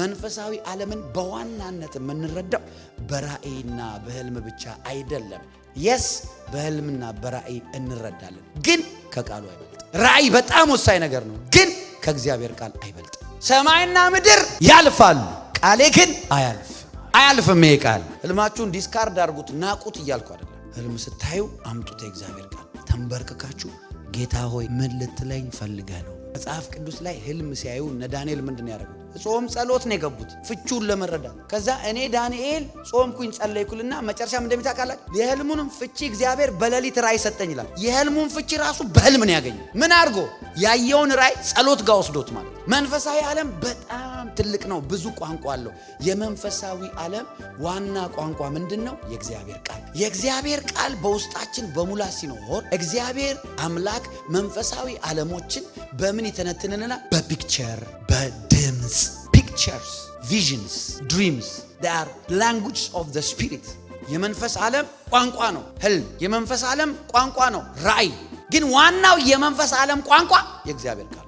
መንፈሳዊ ዓለምን በዋናነት የምንረዳው በራእይና በህልም ብቻ አይደለም። የስ በህልምና በራእይ እንረዳለን፣ ግን ከቃሉ አይበልጥ። ራእይ በጣም ወሳኝ ነገር ነው፣ ግን ከእግዚአብሔር ቃል አይበልጥ። ሰማይና ምድር ያልፋሉ፣ ቃሌ ግን አያልፍ አያልፍም። ይሄ ቃል ህልማችሁን ዲስካርድ አድርጉት፣ ናቁት እያልኩ አይደለም። ህልም ስታዩ አምጡት የእግዚአብሔር ቃል ተንበርክካችሁ ጌታ ሆይ ምን ልትለኝ ፈልገ ነው መጽሐፍ ቅዱስ ላይ ህልም ሲያዩ እነ ዳንኤል ምንድን ያደረጉት? ጾም ጸሎት ነው የገቡት ፍቹን ለመረዳት። ከዛ እኔ ዳንኤል ጾምኩኝ ጸለይኩልና መጨረሻ እንደሚታ ቃላት የህልሙንም ፍቺ እግዚአብሔር በሌሊት ራይ ሰጠኝ ይላል። የህልሙን ፍቺ ራሱ በህልም ነው ያገኘ። ምን አድርጎ ያየውን ራይ ጸሎት ጋር ወስዶት ማለት መንፈሳዊ ዓለም በጣም ትልቅ ነው። ብዙ ቋንቋ አለው። የመንፈሳዊ ዓለም ዋና ቋንቋ ምንድን ነው? የእግዚአብሔር ቃል። የእግዚአብሔር ቃል በውስጣችን በሙላት ሲኖር እግዚአብሔር አምላክ መንፈሳዊ ዓለሞችን በምን ይተነትንናል? በፒክቸር በድምፅ ፒክቸርስ፣ ቪዥንስ፣ ድሪምስ ር ላንጉጅ ኦፍ ዘ ስፒሪት የመንፈስ ዓለም ቋንቋ ነው። ህልም የመንፈስ ዓለም ቋንቋ ነው። ራእይ ግን ዋናው የመንፈስ ዓለም ቋንቋ የእግዚአብሔር ቃል